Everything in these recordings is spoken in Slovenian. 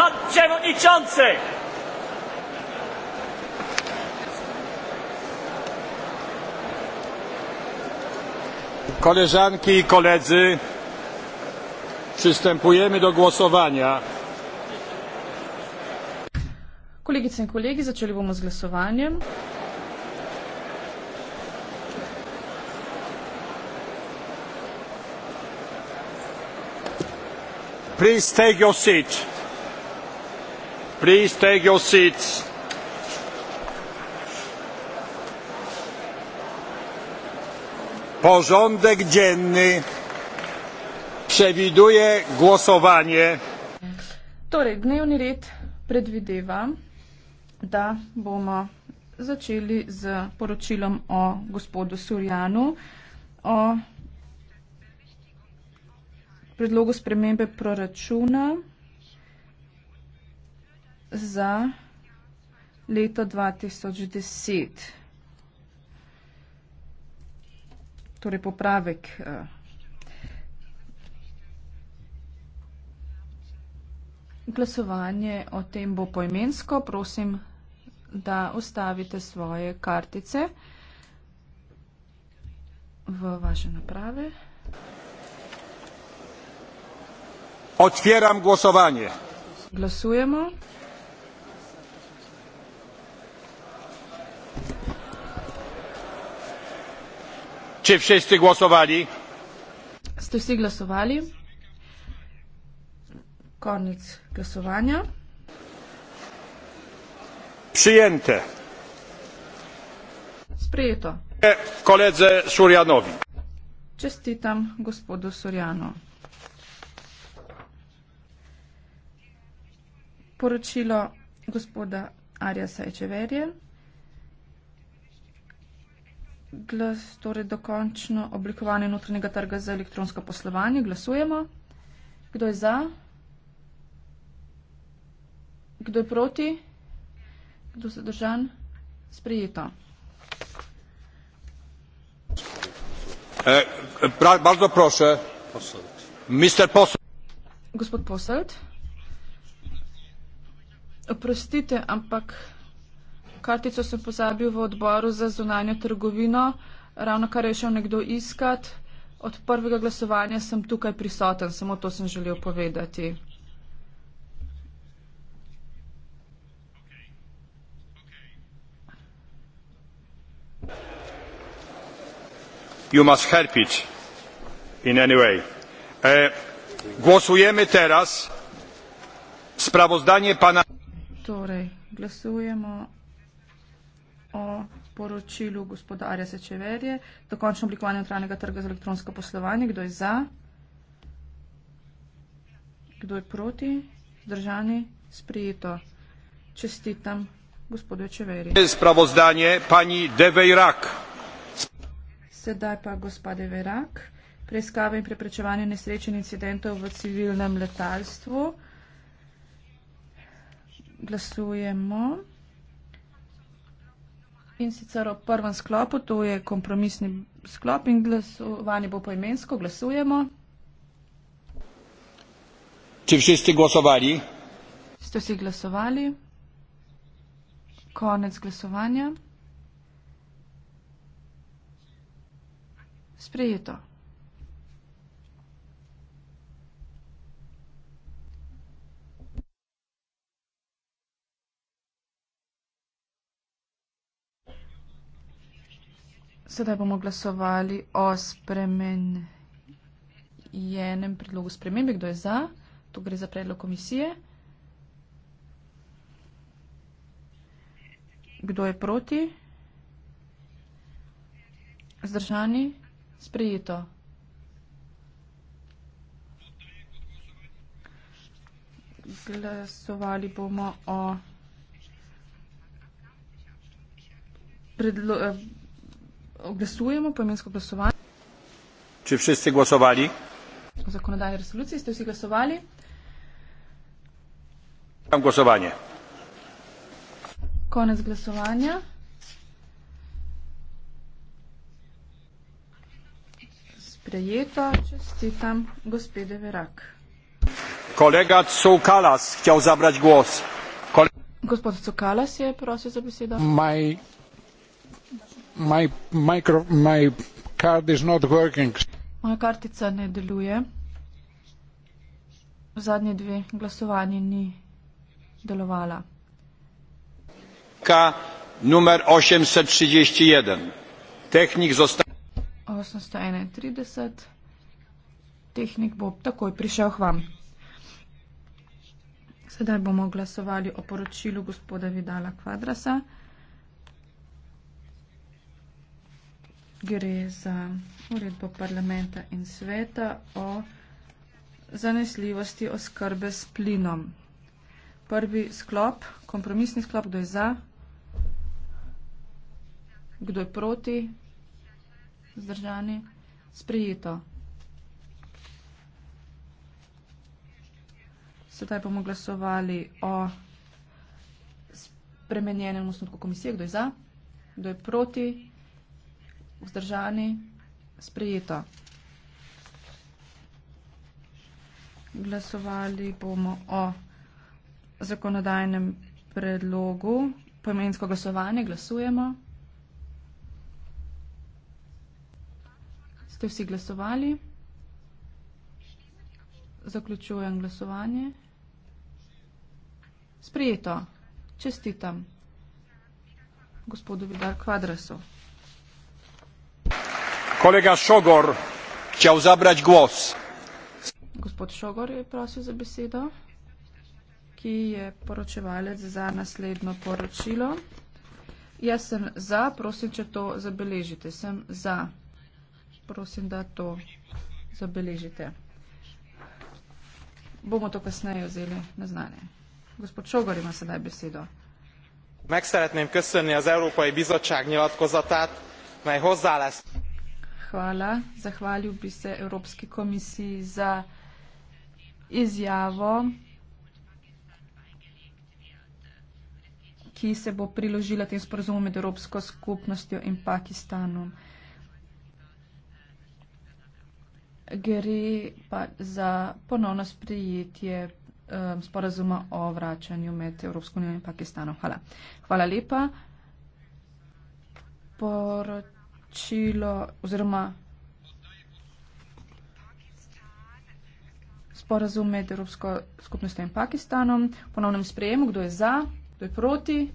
Pan Przewodniczący! Koleżanki i koledzy, przystępujemy do głosowania. Kolegice i kolegi, zaczęli z głosowaniem. Please take your seat. Please take your seats. Porządek dzienny przewiduje głosowanie. Torej, dnevni red predvideva, da bomo začeli z poročilom o gospodu Surjanu, o predlogu spremembe proračuna za leto 2010. Torej popravek. Eh, glasovanje o tem bo poimensko. Prosim, da ustavite svoje kartice v vaše naprave. Otvjeram glasovanje. Glasujemo. Czy wszyscy głosowali? Czy wszyscy głosowali? Koniec głosowania. Przyjęte. Sprijeto. Koledze Surianowi. Czestitam gospodu Suriano. Poročilo gospoda Arja Sajčeverje glas, torej dokončno oblikovanje notranjega trga za elektronsko poslovanje. Glasujemo. Kdo je za? Kdo je proti? Kdo je zadržan? Sprijeto. E, bardzo proszę. Mr. Posselt. Gospod Posselt. Oprostite, ampak... Kartico sem pozabil v odboru za zunanjo trgovino, ravno kar je šel nekdo iskat. Od prvega glasovanja sem tukaj prisoten, samo to sem želel povedati. You must help it in any way. E, glasujemo zdaj. Sprawozdanie pana. Torej, glasujemo o poročilu gospoda Arja Sečeverje, dokončno oblikovanje notranjega trga za elektronsko poslovanje. Kdo je za? Kdo je proti? Zdržani? Sprijeto. Čestitam gospodu Čeverje. Spravozdanje pani Devejrak. Sedaj pa gospod Devejrak. Preiskave in preprečevanje nesrečen incidentov v civilnem letalstvu. Glasujemo. Glasujemo. In sicer o prvem sklopu, to je kompromisni sklop in glasovanje bo poimensko, glasujemo. Ste vsi glasovali? Ste vsi glasovali? Konec glasovanja. Sprejeto. Sedaj bomo glasovali o spremenjenem predlogu spremembe. Kdo je za? To gre za predlog komisije. Kdo je proti? Zdržani? Sprejeto. Glasovali bomo o predlogu. Glasujemo po imensko glasovanje. Če vsi glasovali? O zakonodajni resoluciji ste vsi glasovali? Tam glasovanje. Konec glasovanja. Sprejeto, čestitam gospede Verak. Kolega Cukalas, htjel zabrati glas. Kole... Gospod Cukalas je prosil za besedo. My my micro my card is not working. Moja kartica ne deluje. Zadnje dve glasovanje ni delovala. K numer 831. Tehnik zosta 831. Tehnik bo takoj prišel k vam. Sedaj bomo glasovali o poročilu gospoda Vidala Kvadrasa. gre za uredbo parlamenta in sveta o zanesljivosti oskrbe s plinom. Prvi sklop, kompromisni sklop, kdo je za, kdo je proti, zdržani, sprijeto. Sedaj bomo glasovali o spremenjenem osnutku komisije, kdo je za, kdo je proti, zdržani. Vzdržani, sprejeto. Glasovali bomo o zakonodajnem predlogu. Pomensko glasovanje glasujemo. Ste vsi glasovali? Zaključujem glasovanje. Sprijeto. Čestitam gospodu Vidal Kvadrasov kolega Šogor chciał zabrać głos. Gospod Šogor je prosil za besedo, ki je poročevalec za naslednjo poročilo. Jaz sem za, prosim, če to zabeležite. Sem za. Prosim, da to zabeležite. Bomo to kasneje vzeli na znanje. Gospod Šogor ima sedaj besedo. Meg szeretném köszönni az Európai Bizottság nyilatkozatát, mely hozzá lesz hvala. Zahvalil bi se Evropski komisiji za izjavo, ki se bo priložila tem sporozumom med Evropsko skupnostjo in Pakistanom. Gre pa za ponovno sprejetje um, sporozuma o vračanju med Evropsko unijo in Pakistanom. Hvala. Hvala lepa. Poroč poročilo oziroma sporazum med Evropsko skupnostjo in Pakistanom. Ponovnem sprejemu, kdo je za, kdo je proti,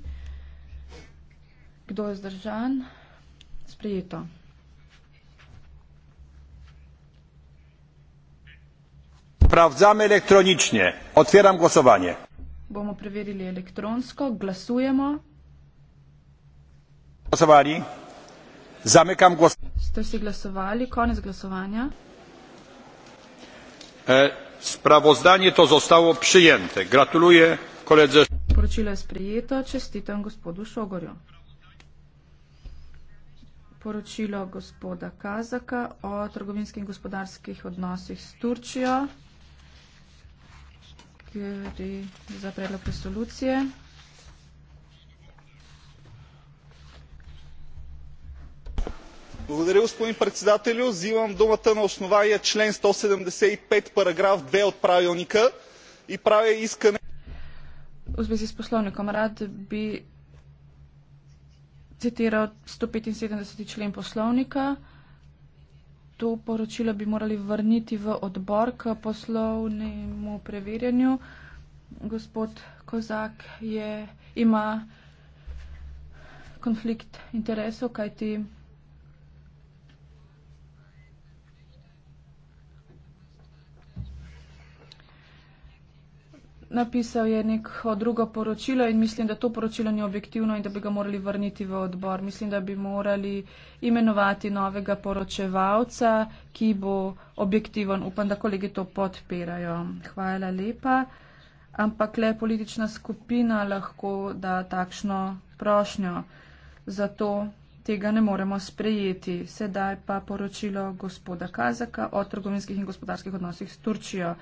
kdo je zdržan, sprejeto. Sprawdzamy elektronicznie. Otwieram głosowanie. Bomo preverili elektronsko. Glasujemo. Głosowali. Głosowali. Zamykam głos. Ste vsi glasovali, konec glasovanja. E, sprawozdanie to zostało przyjęte. Gratuluję koledze. Poročilo je sprejeto, čestitam gospodu Šogorju. Poročilo gospoda Kazaka o trgovinskih in gospodarskih odnosih s Turčijo, ki je za predlog resolucije. Благодаря, господин председателю. Взимам думата на основание член 175, параграф 2 от правилника и правя искане. В связи с пословником рад би цитирал 175 член пословника. To poročilo bi morali vrniti v odbor k poslovnemu preverjanju. Gospod Kozak je, ima konflikt interesov, kajti. napisal je neko drugo poročilo in mislim, da to poročilo ni objektivno in da bi ga morali vrniti v odbor. Mislim, da bi morali imenovati novega poročevalca, ki bo objektiven. Upam, da kolegi to podpirajo. Hvala lepa. Ampak le politična skupina lahko da takšno prošnjo. Zato tega ne moremo sprejeti. Sedaj pa poročilo gospoda Kazaka o trgovinskih in gospodarskih odnosih s Turčijo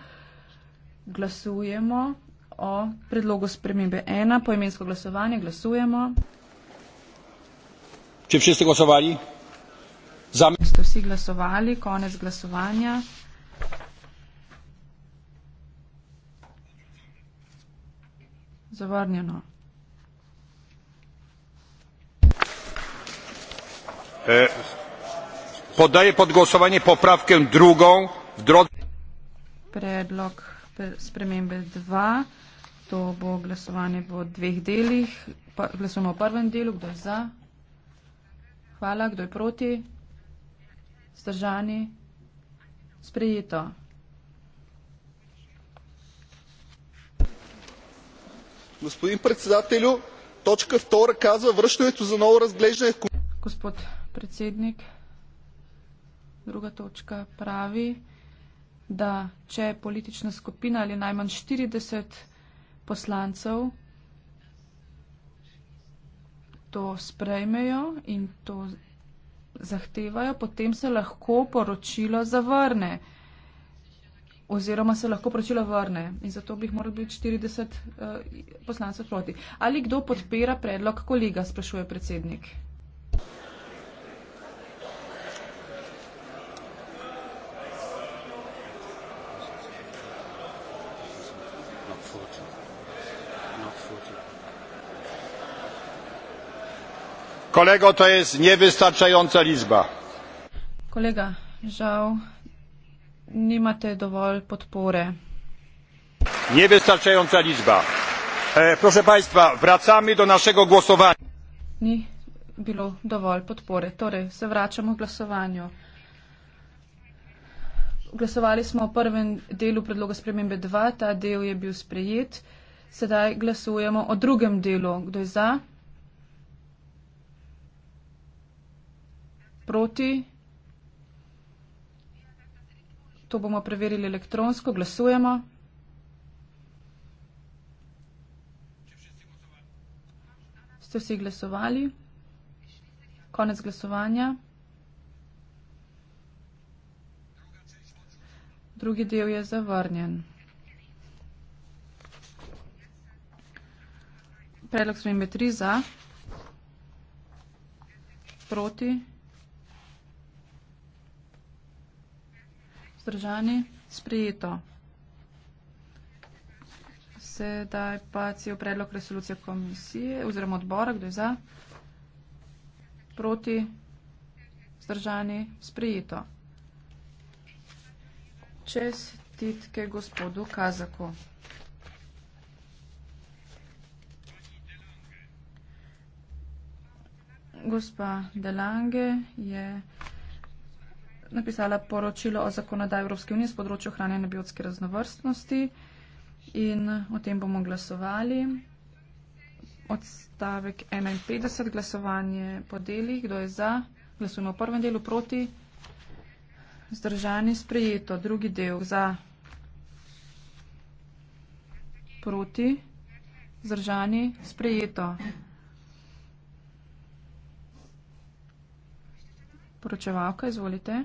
glasujemo o predlogu spremembe ena, poimensko glasovanje, glasujemo. Če vsi glasovali? Za. Ste vsi glasovali, konec glasovanja. Zavrnjeno. E, podaje pod glasovanje popravke drugo v drodi. Predlog spremembe 2. To bo glasovanje v dveh delih. Pa, glasujemo v prvem delu. Kdo je za? Hvala. Kdo je proti? Zdržani? Sprejeto. Gospodin predsedatelju, točka 2 kaza vršnjevitu za novo razgležanje. Gospod predsednik, druga točka pravi da če politična skupina ali najmanj 40 poslancev to sprejmejo in to zahtevajo, potem se lahko poročilo zavrne oziroma se lahko poročilo vrne in zato bi jih moralo biti 40 uh, eh, poslancev proti. Ali kdo podpira predlog kolega, sprašuje predsednik. kolego to jest niewystarczająca liczba. Kolega, żał, nie ma te dowol podpory. Niewystarczająca liczba. E, proszę państwa, wracamy do naszego głosowania. Nie było dowol podpory. Tory, zwracam o głosowaniu. Glasovali smo o prvem delu predloga spremembe 2, ta del je bil sprejet. Sedaj glasujemo o drugem delu. Kdo je za? Proti. To bomo preverili elektronsko. Glasujemo. Ste vsi glasovali? Konec glasovanja. Drugi del je zavrnjen. Predlog smo imeli tri za. Proti. Zdržani? Sprejeto. Sedaj pa cel predlog resolucije komisije oziroma odbora. Kdo je za? Proti? Zdržani? Sprejeto. Čestitke gospodu Kazaku. Gospa Delange je napisala poročilo o zakonodaji Evropske unije z področju ohranjanja biotske raznovrstnosti in o tem bomo glasovali. Odstavek 51, glasovanje po delih, kdo je za, glasujemo v prvem delu proti, zdržani sprejeto, drugi del za, proti, zdržani sprejeto. Poročevalka, izvolite.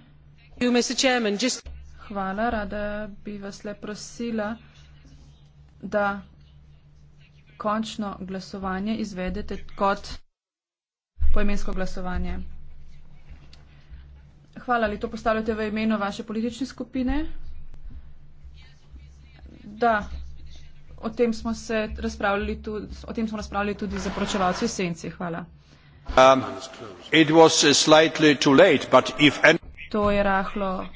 Hvala, rada bi vas le prosila, da končno glasovanje izvedete kot poimensko glasovanje. Hvala, ali to postavljate v imenu vaše politične skupine? Da, o tem smo se razpravljali tudi, o tem smo razpravljali tudi za poročevalce v senci. Hvala. Um, to je rahlo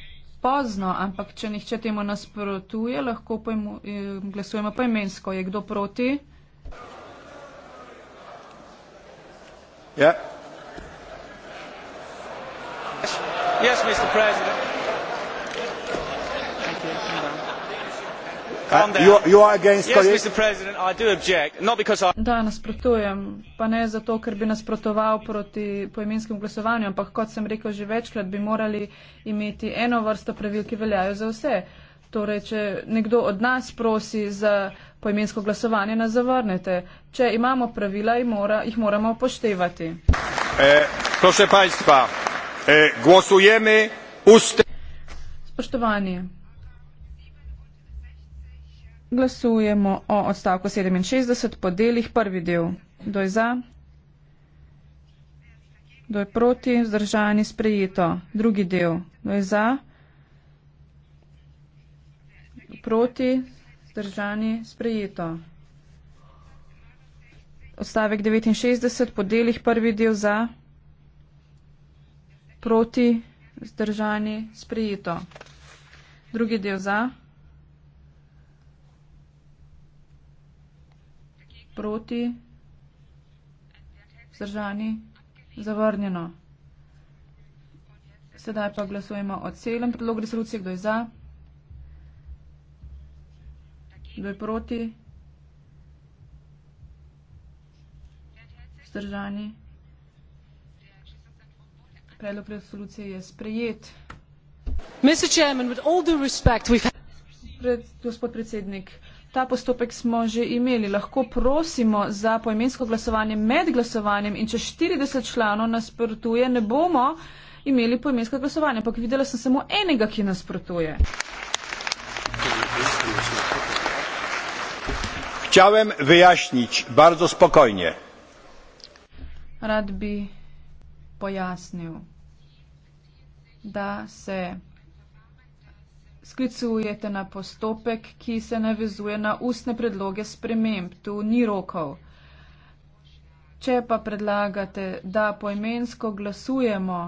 pozno, ampak če nihče temu nasprotuje, lahko pa imu, eh, glasujemo pa imensko. Je kdo proti? Ja. Yeah. Yes, Mr. President. Da, nasprotujem, pa ne zato, ker bi nasprotoval proti poimenskem glasovanju, ampak kot sem rekel že večkrat, bi morali imeti eno vrsto pravil, ki veljajo za vse. Torej, če nekdo od nas prosi za poimensko glasovanje, nas zavrnete. Če imamo pravila, jih, mora, jih moramo poštevati. E, e Spoštovanje. Glasujemo o odstavku 67 po delih prvi del. Kdo je za? Kdo je proti? Zdržani sprejeto. Drugi del. Kdo je za? Proti? Zdržani sprejeto. Odstavek 69 po delih prvi del za? Proti? Zdržani sprejeto. Drugi del za? proti, vzdržani, zavrnjeno. Sedaj pa glasujemo o celem predlogu resolucije, kdo je za, kdo je proti, vzdržani. Predlog resolucije je sprejet. Gospod predsednik, Ta postopek smo že imeli. Lahko prosimo za poimensko glasovanje med glasovanjem in če 40 članov nasprotuje, ne bomo imeli poimenskega glasovanja. Ampak videla sem samo enega, ki nasprotuje. Chciałem wyjaśnić bardzo spokojnie. Rad bi pojasnil, da se sklicujete na postopek, ki se navezuje na ustne predloge sprememb. Tu ni rokov. Če pa predlagate, da poimensko glasujemo,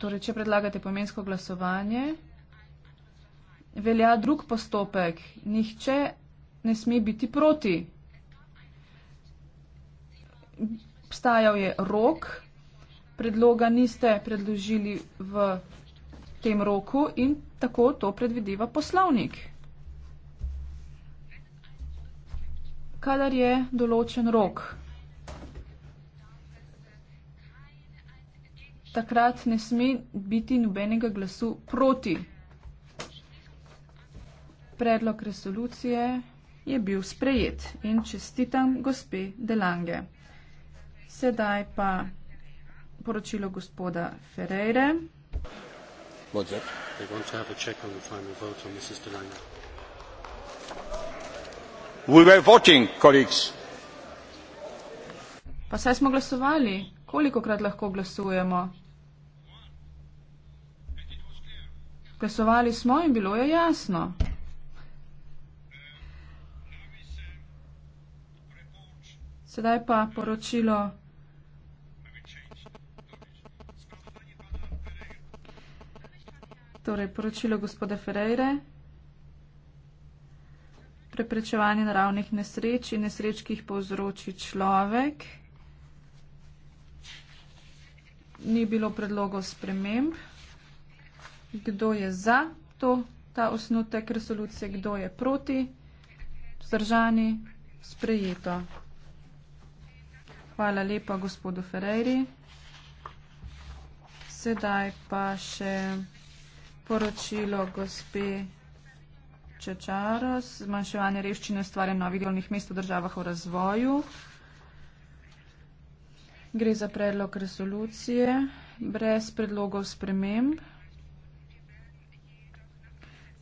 torej če predlagate poimensko glasovanje, velja drug postopek. Nihče ne sme biti proti. Obstajal je rok, predloga niste predložili v tem roku in tako to predvideva poslovnik. Kadar je določen rok, takrat ne sme biti nobenega glasu proti. Predlog resolucije je bil sprejet in čestitam gospe Delange. Sedaj pa poročilo gospoda Ferreire. We voting, pa saj smo glasovali. Kolikokrat lahko glasujemo? Glasovali smo in bilo je jasno. Sedaj pa poročilo. torej poročilo gospoda Ferreire, preprečevanje naravnih nesreč in nesreč, ki jih povzroči človek. Ni bilo predlogov sprememb. Kdo je za to, ta osnutek resolucije, kdo je proti, vzdržani, sprejeto. Hvala lepa gospodu Ferreri. Sedaj pa še poročilo gospe Čečaros, zmanjševanje revščine ustvarja novih delovnih mest v državah v razvoju. Gre za predlog resolucije brez predlogov sprememb.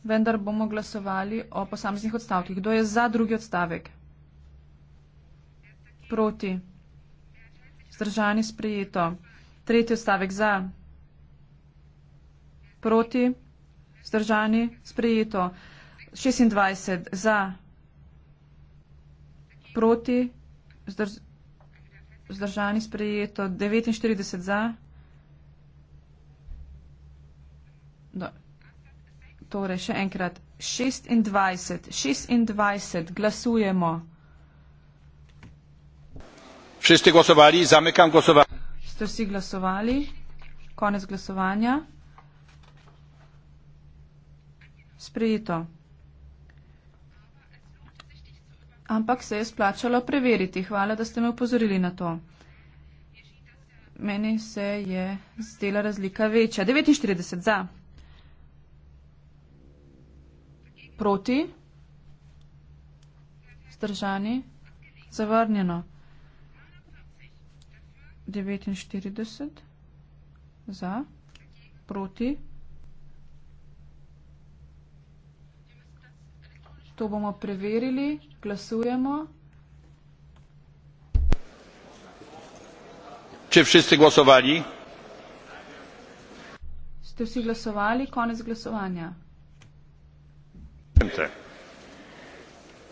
Vendar bomo glasovali o posameznih odstavkih. Kdo je za drugi odstavek? Proti. Zdržani sprejeto. Tretji odstavek za proti, zdržani, sprejeto. 26 za, proti, zdržani, sprejeto. 49 za. Do. Torej, še enkrat. 26, 26 glasujemo. Vsi ste glasovali, zamekam glasovanje. Ste vsi glasovali? Konec glasovanja. sprejeto. Ampak se je splačalo preveriti. Hvala, da ste me upozorili na to. Meni se je zdela razlika večja. 49 za. Proti. Zdržani. Zavrnjeno. 49 za. Proti. To bomo preverili. Glasujemo. Czy wszyscy głosowali? Ste vsi glasovali? Konec glasovanja.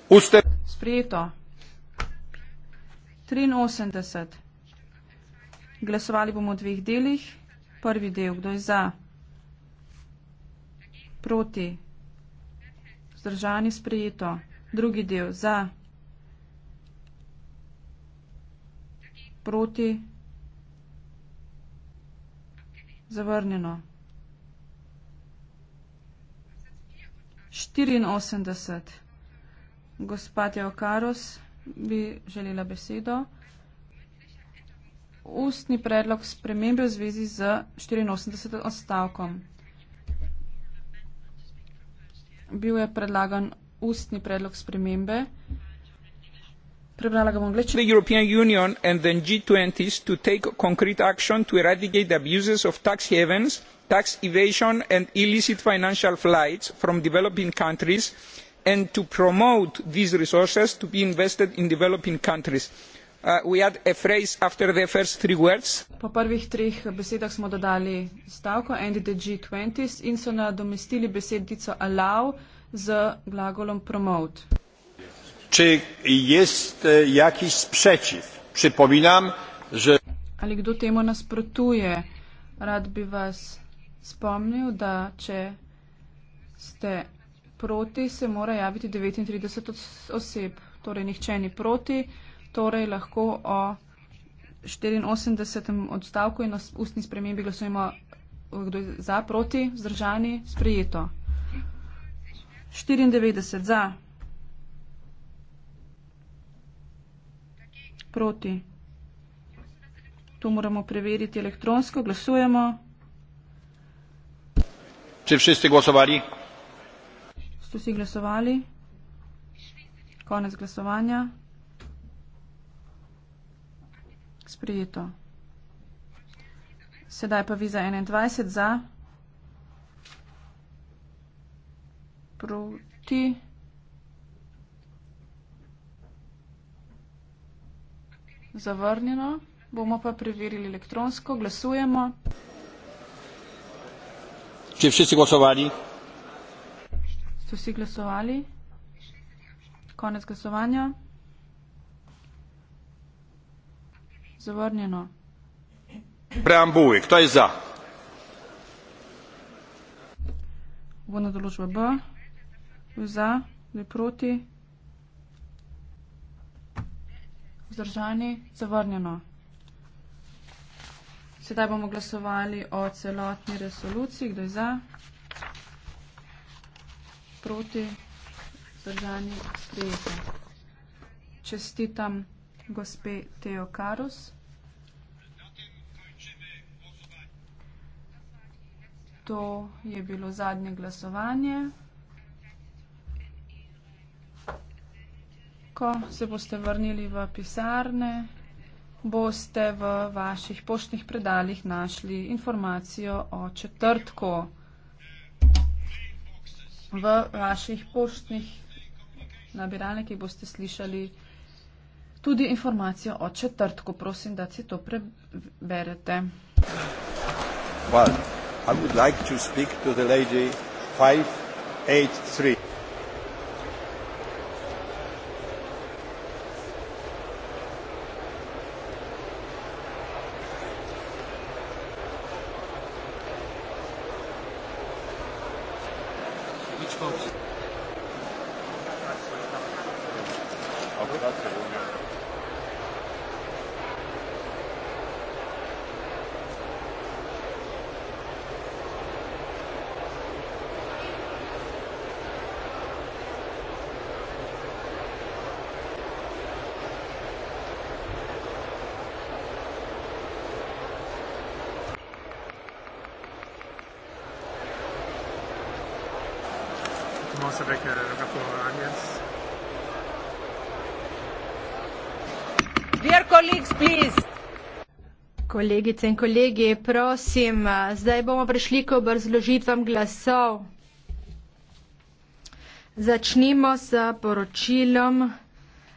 Uste... Sprejeto. 83. Glasovali bomo v dveh delih. Prvi del, kdo je za? Proti. Vzdržanje sprejeto. Drugi del za. Proti. Zavrnjeno. 84. Gospod Javkaros bi želela besedo. Ustni predlog spremembe v zvezi z 84 odstavkom bil je predlagan ustni predlog spremembe. The European Union and the G20s to take concrete action to eradicate the abuses of tax havens, tax evasion and illicit financial flights from developing countries and to promote these resources to be invested in developing countries. Uh, po prvih treh besedah smo dodali stavko in so nadomestili besedico allow z glagolom promote. czy jest e, jakiś sprzeciw? przypominam że. ali kdo temu nasprotuje? rad bi vas spomnil da če ste proti se mora javiti devetintrideset oseb torej nihče ni proti torej lahko o 84. odstavku in o ustni spremembi glasujemo za, proti, vzdržani, sprejeto. 94 za. Proti. To moramo preveriti elektronsko. Glasujemo. Če vsi ste glasovali? Ste vsi glasovali? Konec glasovanja. sprejeto. Sedaj pa viza 21 za, proti. Zavrnjeno. Bomo pa preverili elektronsko. Glasujemo. Če vsi si glasovali? So vsi glasovali. Konec glasovanja. zavrnjeno. Preambuj, kdo je za? Uvodna določba B, kdo je za, kdo je proti, vzdržani, zavrnjeno. Sedaj bomo glasovali o celotni resoluciji, kdo je za, proti, vzdržani, sprejeto. Čestitam gospe Teo Karus. To je bilo zadnje glasovanje. Ko se boste vrnili v pisarne, boste v vaših poštnih predaljih našli informacijo o četrtku. V vaših poštnih nabiralnikih boste slišali tudi informacijo o četrtku. Prosim, da si to preberete. Well, Okay. Okay. Okay. Okay. Okay. Okay. Okay. Baker in a couple of onions. Dear colleagues, please. Kolegice in kolegi, prosim, zdaj bomo prišli k obrazložitvam glasov. Začnimo s poročilom.